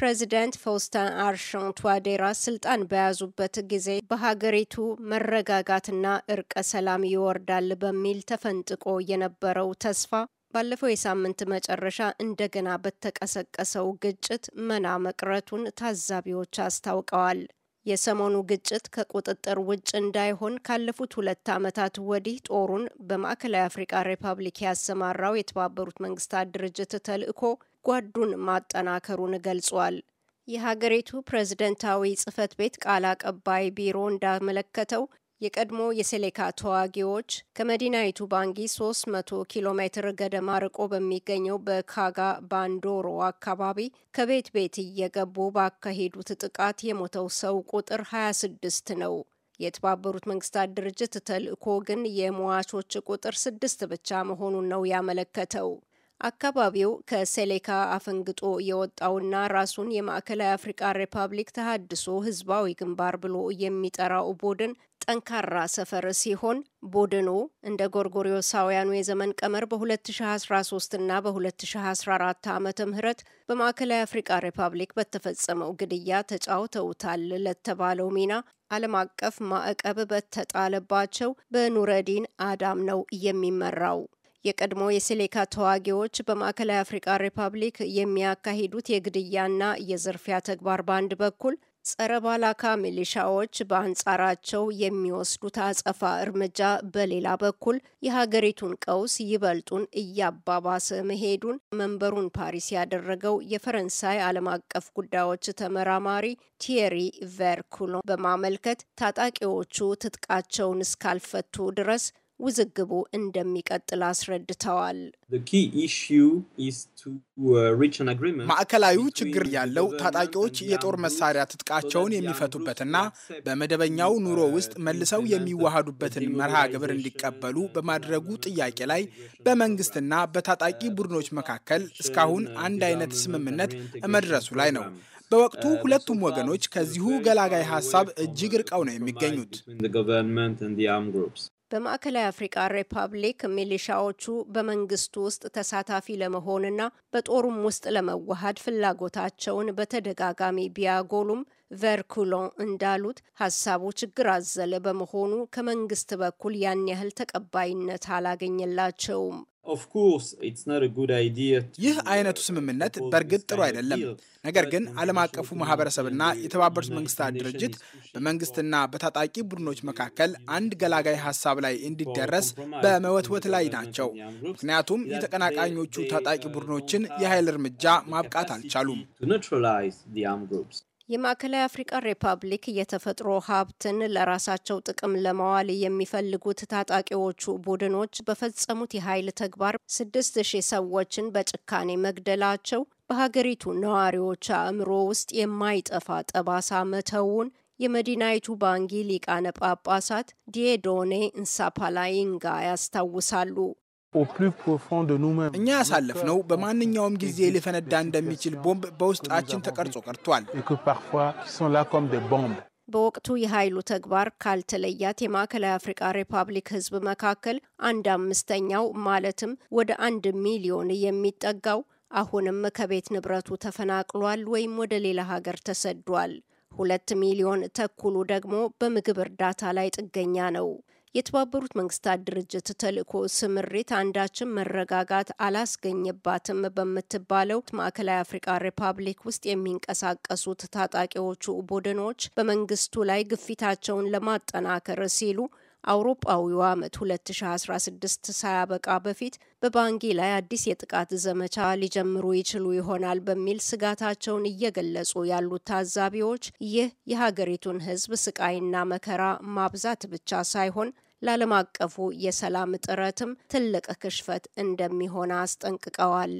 ፕሬዚደንት ፎስታ አርሻን ቷዴራ ስልጣን በያዙበት ጊዜ በሀገሪቱ መረጋጋትና እርቀ ሰላም ይወርዳል በሚል ተፈንጥቆ የነበረው ተስፋ ባለፈው የሳምንት መጨረሻ እንደገና በተቀሰቀሰው ግጭት መና መቅረቱን ታዛቢዎች አስታውቀዋል። የሰሞኑ ግጭት ከቁጥጥር ውጭ እንዳይሆን ካለፉት ሁለት ዓመታት ወዲህ ጦሩን በማዕከላዊ አፍሪካ ሪፐብሊክ ያሰማራው የተባበሩት መንግስታት ድርጅት ተልእኮ ጓዱን ማጠናከሩን ገልጿል። የሀገሪቱ ፕሬዝደንታዊ ጽህፈት ቤት ቃል አቀባይ ቢሮ እንዳመለከተው የቀድሞ የሴሌካ ተዋጊዎች ከመዲናይቱ ባንጊ 300 ኪሎ ሜትር ገደማ ርቆ በሚገኘው በካጋ ባንዶሮ አካባቢ ከቤት ቤት እየገቡ ባካሄዱት ጥቃት የሞተው ሰው ቁጥር 26 ነው። የተባበሩት መንግስታት ድርጅት ተልእኮ ግን የሟቾች ቁጥር ስድስት ብቻ መሆኑን ነው ያመለከተው። አካባቢው ከሴሌካ አፈንግጦ የወጣውና ራሱን የማዕከላዊ አፍሪቃ ሪፐብሊክ ተሃድሶ ህዝባዊ ግንባር ብሎ የሚጠራው ቡድን ጠንካራ ሰፈር ሲሆን ቡድኑ እንደ ጎርጎሪዮሳውያኑ የዘመን ቀመር በ2013 እና በ2014 ዓ ም በማዕከላዊ አፍሪቃ ሪፐብሊክ በተፈጸመው ግድያ ተጫውተውታል ለተባለው ሚና ዓለም አቀፍ ማዕቀብ በተጣለባቸው በኑረዲን አዳም ነው የሚመራው። የቀድሞ የሴሌካ ተዋጊዎች በማዕከላዊ አፍሪቃ ሪፐብሊክ የሚያካሂዱት የግድያና የዝርፊያ ተግባር በአንድ በኩል፣ ጸረ ባላካ ሚሊሻዎች በአንጻራቸው የሚወስዱት አጸፋ እርምጃ በሌላ በኩል የሀገሪቱን ቀውስ ይበልጡን እያባባሰ መሄዱን መንበሩን ፓሪስ ያደረገው የፈረንሳይ ዓለም አቀፍ ጉዳዮች ተመራማሪ ቲየሪ ቨርኩሎ በማመልከት ታጣቂዎቹ ትጥቃቸውን እስካልፈቱ ድረስ ውዝግቡ እንደሚቀጥል አስረድተዋል። uh, ማዕከላዊው ችግር ያለው ታጣቂዎች የጦር መሳሪያ ትጥቃቸውን የሚፈቱበትና በመደበኛው uh, ኑሮ ውስጥ መልሰው የሚዋሃዱበትን መርሃ ግብር እንዲቀበሉ በማድረጉ ጥያቄ ላይ በመንግስትና በታጣቂ uh, ቡድኖች መካከል እስካሁን አንድ አይነት ስምምነት መድረሱ ላይ ነው። በወቅቱ ሁለቱም ወገኖች ከዚሁ ገላጋይ ሀሳብ እጅግ እርቀው ነው የሚገኙት። በማዕከላዊ አፍሪቃ ሪፐብሊክ ሚሊሻዎቹ በመንግስቱ ውስጥ ተሳታፊ ለመሆንና በጦሩም ውስጥ ለመዋሃድ ፍላጎታቸውን በተደጋጋሚ ቢያጎሉም ቨርኩሎን እንዳሉት ሀሳቡ ችግር አዘለ በመሆኑ ከመንግስት በኩል ያን ያህል ተቀባይነት አላገኘላቸውም። ይህ አይነቱ ስምምነት በእርግጥ ጥሩ አይደለም። ነገር ግን ዓለም አቀፉ ማህበረሰብና የተባበሩት መንግስታት ድርጅት በመንግስትና በታጣቂ ቡድኖች መካከል አንድ ገላጋይ ሀሳብ ላይ እንዲደረስ በመወትወት ላይ ናቸው። ምክንያቱም የተቀናቃኞቹ ታጣቂ ቡድኖችን የኃይል እርምጃ ማብቃት አልቻሉም። የማዕከላዊ አፍሪካ ሪፐብሊክ የተፈጥሮ ሀብትን ለራሳቸው ጥቅም ለማዋል የሚፈልጉት ታጣቂዎቹ ቡድኖች በፈጸሙት የኃይል ተግባር ስድስት ሺህ ሰዎችን በጭካኔ መግደላቸው በሀገሪቱ ነዋሪዎች አእምሮ ውስጥ የማይጠፋ ጠባሳ መተውን የመዲናይቱ ባንጊ ሊቃነ ጳጳሳት ዲዶኔ እንሳፓላይንጋ ያስታውሳሉ። እኛ ያሳለፍነው በማንኛውም ጊዜ ሊፈነዳ እንደሚችል ቦምብ በውስጣችን ተቀርጾ ቀርቷል። በወቅቱ የኃይሉ ተግባር ካልተለያት የማዕከላዊ አፍሪካ ሪፐብሊክ ሕዝብ መካከል አንድ አምስተኛው ማለትም ወደ አንድ ሚሊዮን የሚጠጋው አሁንም ከቤት ንብረቱ ተፈናቅሏል ወይም ወደ ሌላ ሀገር ተሰዷል። ሁለት ሚሊዮን ተኩሉ ደግሞ በምግብ እርዳታ ላይ ጥገኛ ነው። የተባበሩት መንግስታት ድርጅት ተልእኮ ስምሪት አንዳችም መረጋጋት አላስገኘባትም በምትባለው ማዕከላዊ አፍሪካ ሪፓብሊክ ውስጥ የሚንቀሳቀሱት ታጣቂዎቹ ቡድኖች በመንግስቱ ላይ ግፊታቸውን ለማጠናከር ሲሉ አውሮፓዊው ዓመት 2016 ሳያበቃ በፊት በባንጊ ላይ አዲስ የጥቃት ዘመቻ ሊጀምሩ ይችሉ ይሆናል በሚል ስጋታቸውን እየገለጹ ያሉት ታዛቢዎች ይህ የሀገሪቱን ሕዝብ ስቃይና መከራ ማብዛት ብቻ ሳይሆን ለዓለም አቀፉ የሰላም ጥረትም ትልቅ ክሽፈት እንደሚሆን አስጠንቅቀዋል።